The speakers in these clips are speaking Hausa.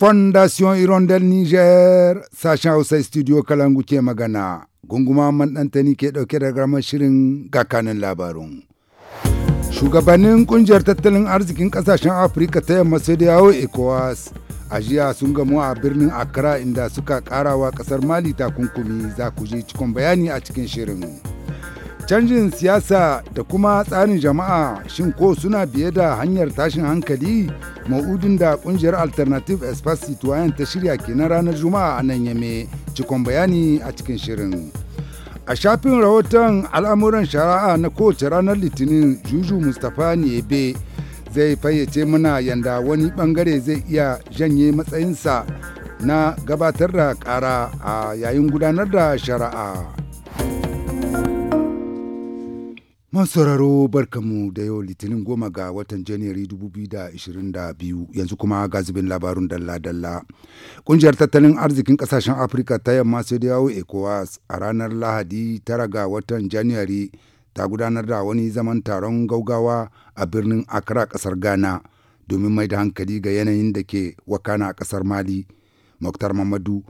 fondation irondel niger sashen hausa studio kalangu ke magana gunguma man ɗantani ke ɗauke da ramar shirin gakanin labarun shugabannin kungiyar tattalin arzikin ƙasashen afirka ta yamma sai da yawo ecowas a jiya sun gamu a birnin accra inda suka karawa ƙasar mali takunkumi za ku ji bayani a cikin shirin Canjin siyasa da kuma tsarin jama'a shin ko suna biye da hanyar tashin hankali ma'udin da kungiyar Alternative Espace Citoyen ta shirya kenan ranar Juma'a a nan Yame, cikon bayani a cikin shirin. A shafin rahoton al'amuran shari'a na kowace ranar Litinin Juju Mustapha Niebe zai fayyace mana yanda wani bangare zai iya janye matsayinsa na gabatar da ƙara a yayin gudanar da shari'a. sauraro, barkamu da yau litinin goma ga watan Janairu 2022 yanzu kuma ga labarun dalla-dalla. Kungiyar tattalin arzikin kasashen Afirka ta yamma sai da yawo ECOWAS a ranar Lahadi tara ga watan Janairu ta gudanar da wani zaman taron gaugawa a birnin Accra kasar Ghana domin mai da hankali ga yanayin da ke wakana a kasar Mali. Muktar Mamadu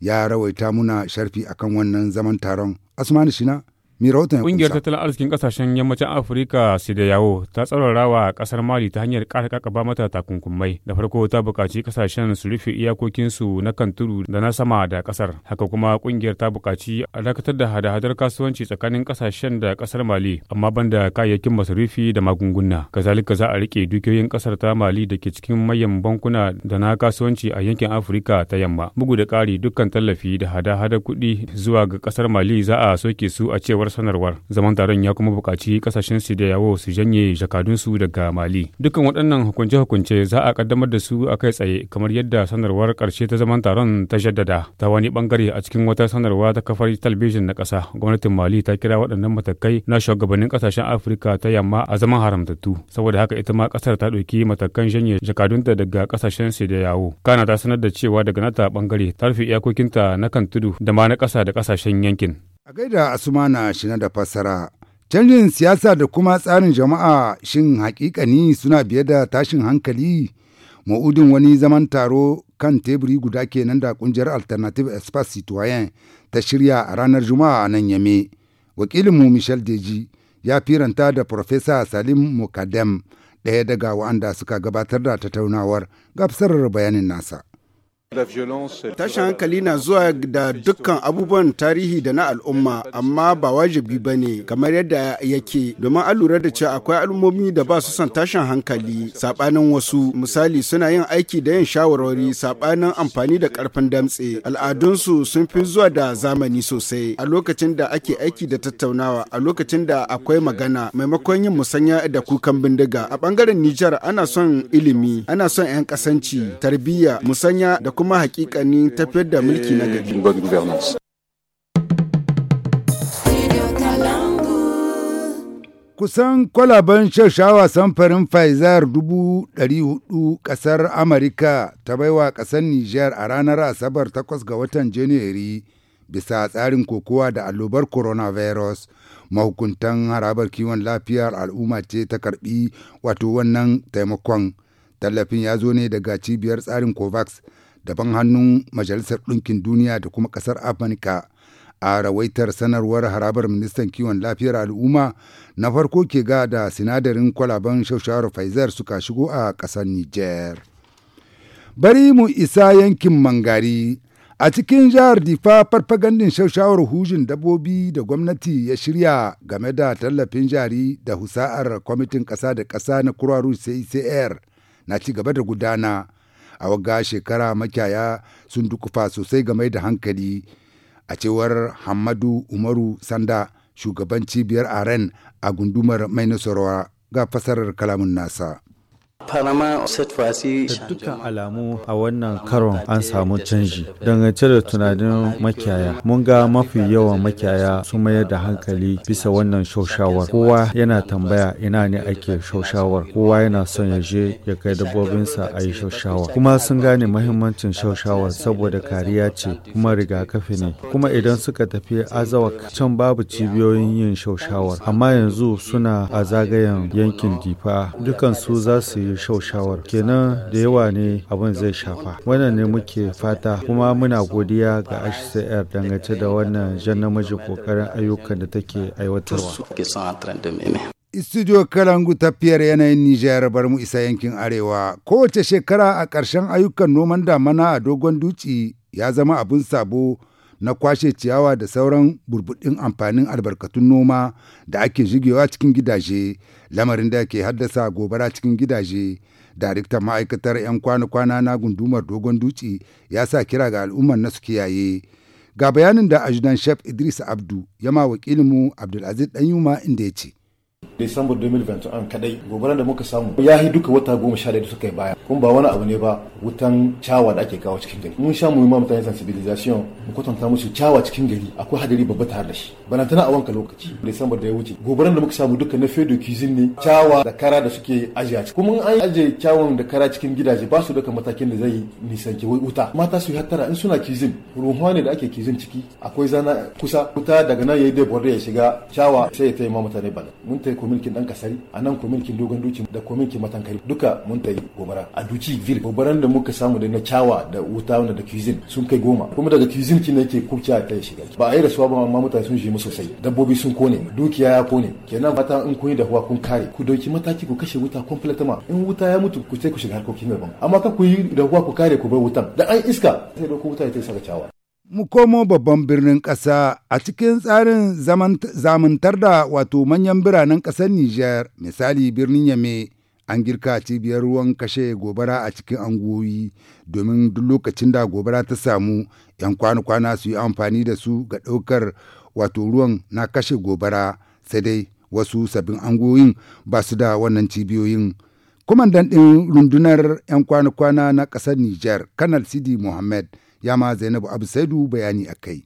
ya rawaita muna sharfi akan wannan zaman taron. Asmani Shina Mirautan Ƙungiyar tattalin arzikin ƙasashen yammacin Afirka yawo ta tsarara wa ƙasar Mali ta hanyar ƙara kakaba mata takunkumai. Da farko ta buƙaci ƙasashen su rufe iyakokinsu na kan tudu da na sama da ƙasar. Haka kuma ƙungiyar ta buƙaci a dakatar da hada-hadar kasuwanci tsakanin ƙasashen da ƙasar Mali amma banda kayayyakin masarufi da magunguna. Kazalika za a rike dukiyoyin ƙasar ta Mali da ke cikin manyan bankuna da na kasuwanci a yankin Afirka ta yamma. Bugu da ƙari dukkan tallafi da hada-hadar kuɗi zuwa ga ƙasar Mali za a soke su a cewar cewar sanarwar zaman taron ya kuma bukaci kasashen su da yawo su janye jakadunsu daga mali dukkan waɗannan hukunce-hukunce za a kaddamar da su a kai tsaye kamar yadda sanarwar ƙarshe ta zaman taron ta jaddada ta wani bangare a cikin wata sanarwa ta kafar talabijin na ƙasa gwamnatin mali ta kira waɗannan matakai na shugabannin ƙasashen afirka ta yamma a zaman haramtattu saboda haka ita ma ƙasar ta ɗauki matakan janye jakadunta daga ƙasashen su da yawo kana ta sanar da cewa daga nata bangare ta rufe iyakokinta na kan tudu da ma na ƙasa da ƙasashen yankin A gaida Asumana shina da fassara, canjin siyasa da kuma tsarin jama'a shin hakikani suna biye da tashin hankali? Ma'udin wani zaman taro kan teburi guda kenan da kungiyar Alternative express Citoyen ta shirya a ranar Juma'a a nan Yame. Wakilinmu Michel Deji ya firanta da Profesa Salim Mukadem ɗaya daga wa'anda suka gabatar da tattaunawar gafsar bayanin nasa. Tashin hankali na zuwa da dukkan abubuwan tarihi da na al'umma, amma ba wajibi ba ne kamar yadda yake, domin an lura da cewa akwai al'ummomi da ba su son tashin hankali, saɓanin wasu, misali suna yin aiki da yin shawarwari saɓanin amfani da ƙarfin damtse. Al'adunsu sun fi zuwa da zamani sosai, a lokacin da ake aiki da tattaunawa, a lokacin da akwai magana, maimakon yin musanya da kukan bindiga. A ɓangaren Nijar ana son ilimi, ana son 'yan ƙasanci, tarbiyya, musanya da kuma kuma hakikanin tafiyar da mulki na gari. Kusan kwalaban shashawa samfarin Pfizer 400 ƙasar Amurka ta baiwa ƙasar Nijar a ranar Asabar takwas ga watan Janairu bisa tsarin kokowa da allobar coronavirus. Mahukuntan harabar kiwon lafiyar al'umma ce ta karbi wato wannan taimakon. Tallafin ya zo ne daga cibiyar tsarin COVAX daban hannun majalisar ɗinkin duniya da kuma ƙasar afirka a rawaitar sanarwar harabar ministan kiwon lafiyar al'umma na farko ke ga da sinadarin kwalaban shaushawar pfizer suka shigo a ƙasar niger bari mu isa yankin mangari a cikin jihar difa farfagandin shaushawar hujin dabbobi da gwamnati ya shirya game da tallafin jari da husa'ar kwamitin ƙasa da ƙasa na kuraru CCR, na ci gaba da gudana a waga shekara makiyaya sun dukufa sosai game da hankali a cewar hamadu umaru sanda shugaban cibiyar aren a gundumar mai nasarawa ga fasarar kalamun nasa da dukkan alamu a wannan karon an samu canji dangance da tunanin makiyaya mun ga mafi yawan makiyaya su mayar da hankali bisa wannan shaushawar kowa yana tambaya ina ne ake shaushawar kowa yana son ya je ya kai dabbobinsa a yi shaushawar kuma sun gane mahimmancin shaushawar saboda kariya ce kuma rigakafi ne kuma idan suka tafi azawak can babu cibiyoyin yin shaushawar amma yanzu suna a zagayen yankin difa dukansu za su yi yi shaushawar kenan da yawa ne abin zai shafa wannan ne muke fata kuma muna godiya ga hcr dangance da wannan jan namiji kokarin ayyukan da take aiwatarwa studio kalangu fiyar yanayin nijar bar mu isa yankin arewa kowace shekara a ƙarshen ayyukan noman damana a dogon duci ya zama abin sabo na kwashe ciyawa da sauran burbuɗin amfanin albarkatun noma da ake shigewa cikin gidaje lamarin da ke haddasa gobara cikin gidaje daraktan ma'aikatar 'yan kwana-kwana na gundumar dogon duci ya sa kira ga al'ummar na su kiyaye ga bayanin da ajidan chef idris abdu yama wakilinmu abdulaziz danyuma inda ya ce Disamba 2021 kadai gobaran da muka samu ya yi duka wata goma sha da suka yi baya kuma ba wani abu ne ba wutan cawa da ake kawo cikin gari mun sha mu ma mutane sensibilization mu kwatanta musu cawa cikin gari akwai hadari babba tare da shi bana tana a wanka lokaci Disamba da ya wuce gobaran da muka samu duka na fedo kizin ne cawa da kara da suke ajiya kuma an ajiye cawan da kara cikin gidaje ba su duka matakin da zai nisanki wuta mata su yi hattara in suna kizin ruhuwa ne da ake kizin ciki akwai zana kusa wuta daga nan ya yi dai ya shiga cawa sai ya taimaka mutane bala mun taiko ko milkin dan kasari a nan ko dogon duci da ko milkin matankari duka mun tayi gobara a duci ville gobaran da muka samu da na cawa da wuta da cuisine sun kai goma kuma daga cuisine kin yake a ta shiga ba a yi rasuwa ba amma mutane sun shi mu sosai dabbobi sun kone dukiya ya kone kenan fata in kun yi huwa kun kare ku dauki mataki ku kashe wuta complete ma in wuta ya mutu ku sai ku shiga harkokin gaban amma ka ku yi dahuwa ku kare ku bar wutan da an iska sai da ku wuta ya ta saka cawa Mu komo babban birnin ƙasa a cikin tsarin zamantar da wato manyan biranen ƙasar Nijar, misali birnin Yame, an girka cibiyar ruwan kashe gobara a cikin angoyi domin duk lokacin da gobara ta samu 'yan kwana-kwana su yi amfani da su ga ɗaukar wato ruwan na kashe gobara sai dai wasu sabbin angoyin ba su da wannan cibiyoyin. Kwamandan ɗin rundunar 'yan kwana-kwana na ƙasar Nijar, Kanal Sidi Mohammed, Yama Zainabu Abu Saidu bayani a kai.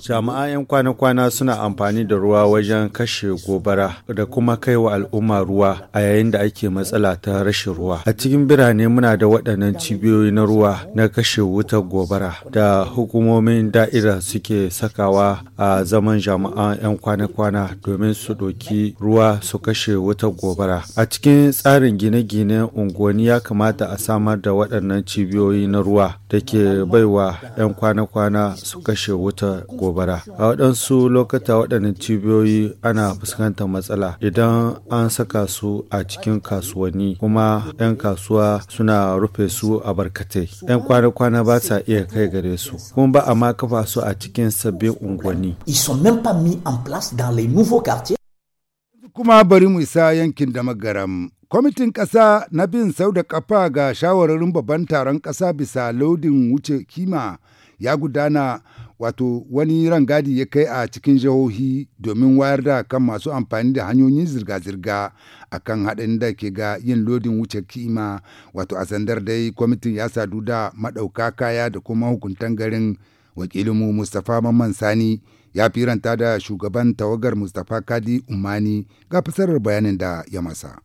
Jami'an 'yan kwana-kwana suna amfani da ruwa wajen kashe gobara da kuma kai wa al'umma ruwa a yayin da ake matsala ta rashin ruwa. A cikin birane muna da waɗannan cibiyoyi na ruwa na kashe wutar gobara da hukumomin da'ira suke sakawa a zaman jami'an 'yan kwana-kwana domin su ɗoki ruwa su kashe wutar gobara. A cikin tsarin gine-gine unguwanni ya kamata a samar da waɗannan cibiyoyi na ruwa da ke baiwa 'yan kwana-kwana su kashe wuta gobara a waɗansu lokata waɗannan cibiyoyi ana fuskantar matsala idan an saka su a cikin kasuwanni kuma 'yan kasuwa suna rufe su a barkatai 'yan kwana-kwana ba sa iya kai gare su kuma ba a ma kafa su a cikin sabbin unguwanni kuma bari mu isa yankin da magaram kwamitin ƙasa na bin sau da ƙafa ga shawararin babban taron ƙasa bisa lodin wuce kima ya gudana wato wani rangadi ya kai a cikin jihohi domin wayar da kan masu amfani da hanyoyin zirga-zirga a kan haɗin da ke ga yin lodin wuce kima wato a sandar dai kwamitin ya sadu da maɗauka kaya da kuma hukuntan garin wakilinmu mustapha mamman sani ya firanta da shugaban tawagar mustapha kadi umani ga fasarar bayanin da ya masa.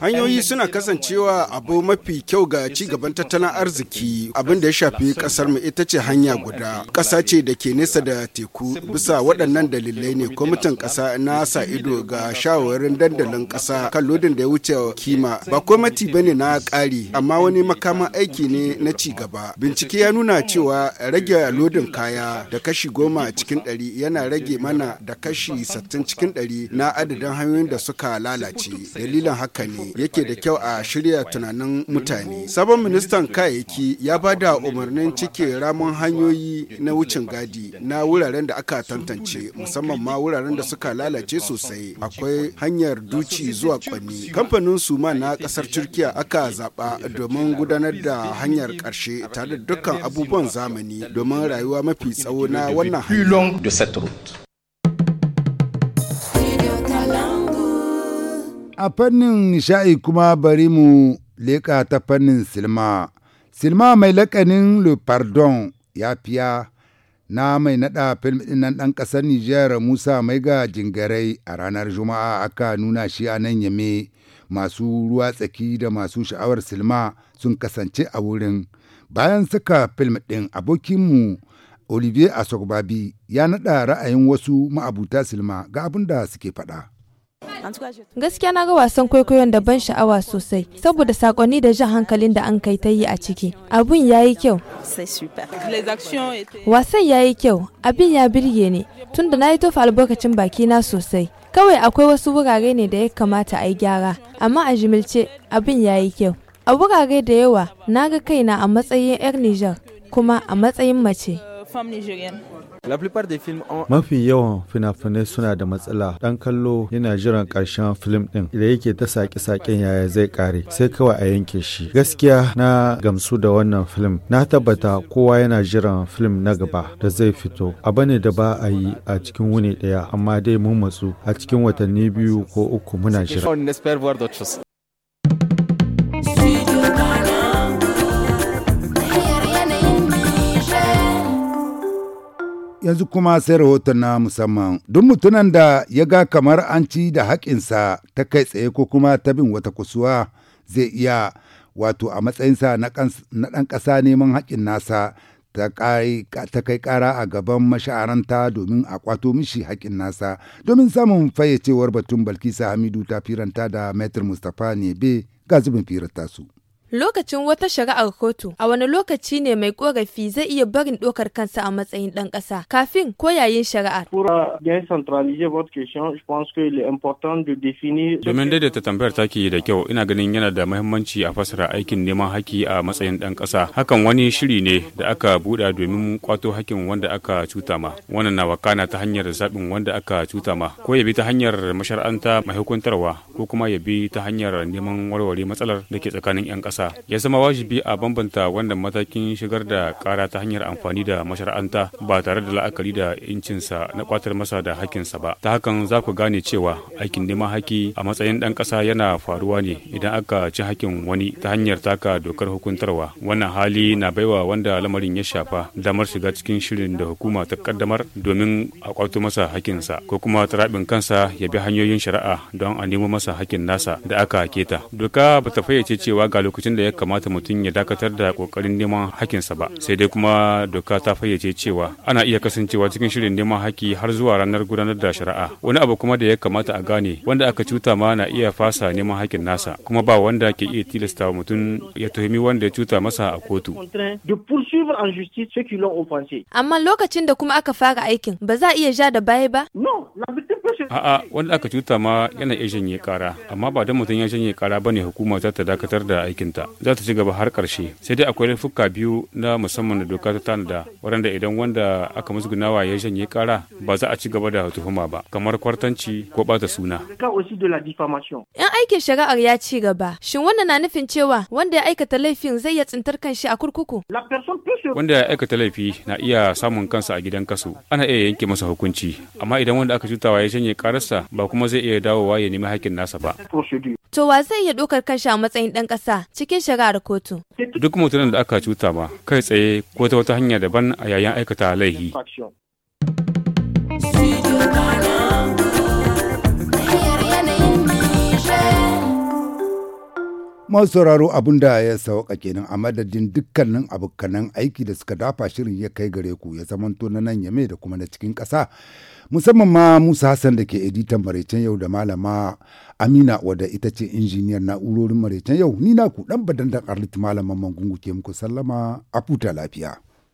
Hanyoyi suna kasancewa abu mafi kyau ga ci gaban tattalin arziki abin da ya shafi kasar mu ita ce hanya guda. Ƙasa ce da ke nesa da teku bisa waɗannan dalilai ne kwamitin ƙasa na sa ido ga shawarin dandalin ƙasa kan lodin da ya wuce kima ba kwamati ba ne na ƙari amma wani makaman aiki ne na ci gaba. Bincike ya nuna cewa rage lodin kaya da kashi goma cikin ɗari yana rage mana da kashi sattin cikin ɗari na adadin hanyoyin da suka lalace. Dalilan haka ne yake da kyau a shirya tunanin mutane. Sabon ministan kayayyaki ya ba da umarnin cike ramon hanyoyi na wucin gadi na wuraren da aka tantance musamman ma wuraren da suka lalace sosai akwai hanyar duci zuwa kwanni. Kamfanin suma na kasar Turkiya aka zaɓa domin gudanar da hanyar ƙarshe tare da dukkan abubuwan zamani domin rayuwa mafi tsawo na wannan hanyar. A fannin nishaɗi kuma bari mu leƙa ta fannin silma. Silma mai lakanin Le Pardon ya fiya na mai naɗa fim ɗin ɗan ƙasar Nijar Musa mai ga Jingarai a ranar Juma'a aka nuna shi a nan Yame. Masu ruwa tsaki da masu sha'awar silma sun kasance a wurin. Bayan suka fim ɗin abokinmu Olivier Asogbabi ya naɗa ra'ayin wasu ma'abuta silma ga abin da suke faɗa. Gaskiya na ga wasan kwaikwayon da ban sha'awa sosai saboda sakonni da jan hankalin da an kai ta yi a ciki. Abun ya yi kyau. Wasan ya yi kyau, abin ya birge ne tunda na yi tofa albarkacin bakina sosai. Kawai akwai wasu wurare ne da ya kamata a yi gyara, amma a jimilce abin ya yi kyau. A wurare da yawa na ga kaina a matsayin 'yar Nijar kuma a matsayin mace. Euh, Mafi yawan fina-finai suna da matsala. Ɗan kallo yana jiran ƙarshen film ɗin da yake ta saƙe-saƙen yaya zai ƙare sai kawai a yanke shi. Gaskiya na gamsu da wannan film. Na tabbata kowa yana jiran film na gaba da zai fito. Abu ne da ba a yi a cikin wuni ɗaya amma dai mun matsu a cikin watanni biyu ko uku muna jira. yanzu kuma sai rahoton na musamman duk mutunan da ya ga kamar an ci da haƙinsa ta kai tsaye ko kuma ta bin wata kusuwa zai iya wato a matsayinsa na ɗan ƙasa neman haƙin nasa ta kai ƙara a gaban masha'aranta domin a kwato mishi haƙin nasa domin samun fayyacewar batun balkisa hamidu ta firanta da metr mustapha ne nebe ga zubin firar tasu. Lokacin wata shari'ar kotu, a wani lokaci ne mai korafi zai iya barin ɗaukar kansa a matsayin ɗan ƙasa kafin ko yayin shari'ar. Euh, domin ta tambayar taki da kyau, ina ganin yana da mahimmanci a fasara aikin neman haki a matsayin ɗan ƙasa. Hakan wani shiri ne da aka buɗa domin kwato hakin wanda aka cuta ma. Wannan na wakana ta hanyar zaɓin wanda aka cuta ma, ko ya bi ta hanyar mashar'anta mai hukuntarwa, ko kuma ya bi ta hanyar neman warware matsalar da ke tsakanin 'yan ƙasa. ƙasa ya zama wajibi a bambanta wannan matakin shigar da ƙara ta hanyar amfani da mashara'anta ba tare da la'akari da incinsa na ƙwatar masa da hakinsa ba ta hakan za ku gane cewa aikin neman haki a matsayin ɗan ƙasa yana faruwa ne idan aka ci hakin wani ta hanyar taka dokar hukuntarwa wannan hali na baiwa wanda lamarin ya shafa damar shiga cikin shirin da hukuma ta kaddamar domin a kwato masa hakinsa ko kuma tarabin kansa ya bi hanyoyin shari'a don a nemo masa hakin nasa da aka keta doka ba ta fayyace cewa ga lokacin lokacin da ya kamata mutum ya dakatar da kokarin neman hakinsa ba sai dai kuma doka ta fayyace cewa ana iya kasancewa cikin shirin neman haki har zuwa ranar gudanar da shari'a wani abu kuma da ya kamata a gane wanda aka cuta ma na iya fasa neman hakin nasa kuma ba wanda ke iya tilasta wa mutum ya tuhumi wanda ya cuta masa a kotu amma lokacin da kuma aka fara aikin ba za a iya ja da baya ba A'a wanda aka cuta ma yana iya janye kara amma ba don mutum ya janye kara bane hukuma za ta dakatar da aikin ta za ta ci gaba har karshe sai dai akwai laifuka biyu na musamman da doka ta tanada waɗanda idan wanda aka musu musgunawa ya janye kara ba za a ci gaba da tuhuma ba kamar kwartanci ko bata suna. Yan aikin shari'ar ya ci gaba shin wannan na nufin cewa wanda ya aikata laifin zai iya tsintar kanshi a kurkuku. Wanda ya aikata laifi na iya samun kansa a gidan kasu. ana iya yanke masa hukunci amma idan wanda aka cutawa ya janye kararsa ba kuma zai iya dawowa ya nemi hakkin nasa ba. To wa zai iya ɗaukar kanshi a matsayin ɗan ƙasa cikin shari'ar kotu. Duk mutumin da aka cuta ba kai tsaye ko ta wata hanya daban a yayin aikata laihi. sauraro abin da ya sauka kenan a madadin dukkanin abokanan aiki da suka dafa shirin ya kai gare ku ya zamanto na nan yame da kuma na cikin ƙasa musamman ma musa hassan da ke editan maraicen yau da malama amina wadda ita ce injiniyar na'urorin maraicen yau ni na ku dan badan da arlit malaman mangungu ke muku sallama a lafiya.